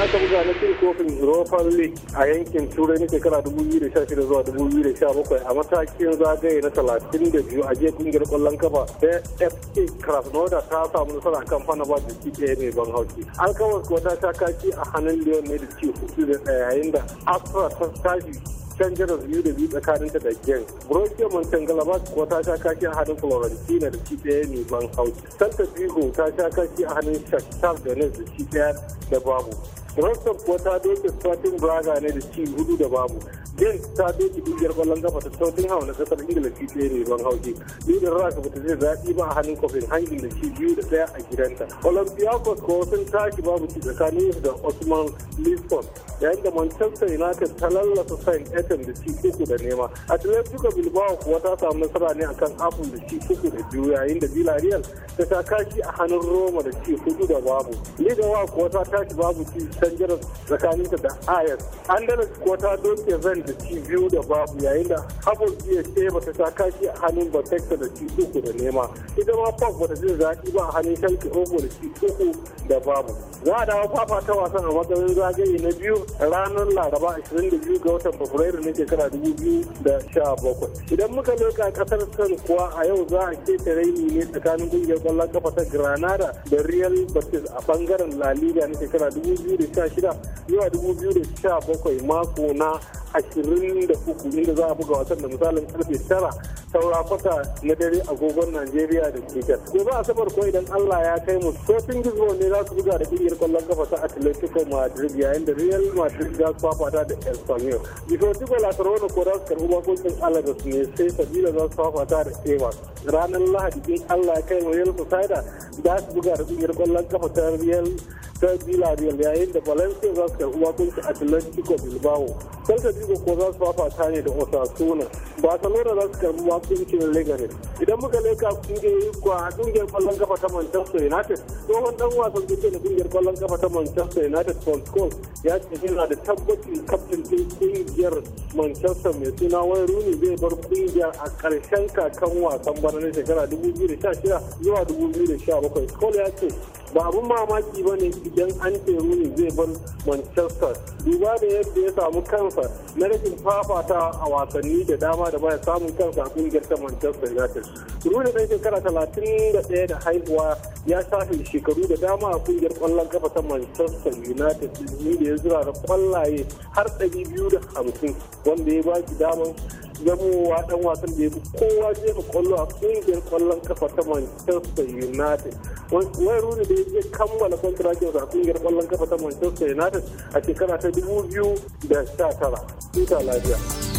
da aka buga na cin kofin europa league a yankin turai na shekara 2016 zuwa 2017 a matakin zagaye na 32 a jiya kungiyar kwallon kafa ta fc krasnodar ta samu nasara kan fanaba da ci ɗaya mai ban hauki alkawas kuwa ta sha kaki a hannun leon ne da ci hudu da ɗaya yayin da astra ta tashi can jaras biyu da biyu tsakaninta da gen borussia montengalaba kuwa ta sha kaki a hannun florentina da ci ɗaya ban hauki santa vigo ta sha kaki a hannun shakhtar donetsk da ci ɗaya da babu Rostov kuwa ta doke Sporting Braga ne da ci hudu da babu. yin ta doki kungiyar kwallon gaba ta hau na kasar Ingila ci ɗaya ne ban hauki. Leading Rock ba ta zai zaɓi ba a hannun hangin da ci biyu da ɗaya a gidanta. Olympiacos ko sun tashi babu ci tsakanin da Osman Lisbon. Yayin da Manchester United ta lallasa Saint Etienne da ci uku da nema. Atletico Bilbao kuwa ta samu nasara ne akan Apple da ci uku da biyu yayin da Villarreal ta sha kashi a hannun Roma da ci hudu da babu. Lidawa kuwa ta tashi babu ci San tsakaninta da Ayas. Andalus kuwa ta doke Zenit da ci biyu da babu yayin da Habs jiya ce bata ta kashi a hannun Bethesda da ci uku da nema. Ita ma Park bata jin zaki ba a hannun shanki Ogo da ci uku da babu. Za a dawo fafa ta wasan a matsayin zagaye na biyu ranar Laraba 22 ga watan Fabrairu na shekara 2017. Idan muka a ƙasar San kuwa a yau za a keta raini ne tsakanin ƙungiyar ƙwallon kafa ta Granada da Real batis a bangaren La Liga na shekara 2016 zuwa 2017 mako na ashirin da uku inda za a buga wasan da misalin karfe tara saura kwata na dare agogon Najeriya da Niger. Gobe Asabar ko idan Allah ya kai mu Sporting Lisbon ne za su buga da ƙungiyar kwallon kafa ta Atletico Madrid yayin da Real Madrid za su fafata da Espanyol. Deportivo La Corona ko za su karɓi bakoncin Alaves ne sai Sabila za su fafata da Eibar. Ranar Lahadi in Allah ya kai mu Real Sociedad za su buga da ƙungiyar kwallon kafa ta Real ta Villarreal yayin da Valencia za su karɓi bakoncin Atletico Bilbao. Celta Vigo ko za su fafata ne da Osasuna. Barcelona za su karɓi hukuncin legarin idan muka leka kungiyoyi kuwa kungiyar kwallon kafa ta manchester united tsohon dan wasan kuke da kungiyar kwallon kafa ta manchester united paul scholes ya ce yana da tabbacin kaftin din kungiyar manchester mai suna wani runi zai bar kungiya a karshen kakan wasan bana na shekara 2016 zuwa 2017 scholes ya ce ba abun mamaki ba ne idan an ne zai bar manchester duba da yadda ya samu kansa na rashin fafata a wasanni da dama da baya samun kansa a kungiyar ta manchester united rune ɗan shekara talatin da ɗaya da haihuwa ya shafe shekaru da dama a kungiyar kwallon kafa ta manchester united da ya zura da kwallaye har ɗari biyu da hamsin wanda ya ba shi damar zamowa dan wasan da ya fi kowa jefa kwallo a kungiyar kwallon kafa ta Manchester United. Wani Rooney da ya je kammala kwantarakin a kungiyar kwallon kafa ta Manchester United a shekara ta 2019. Tuta lafiya.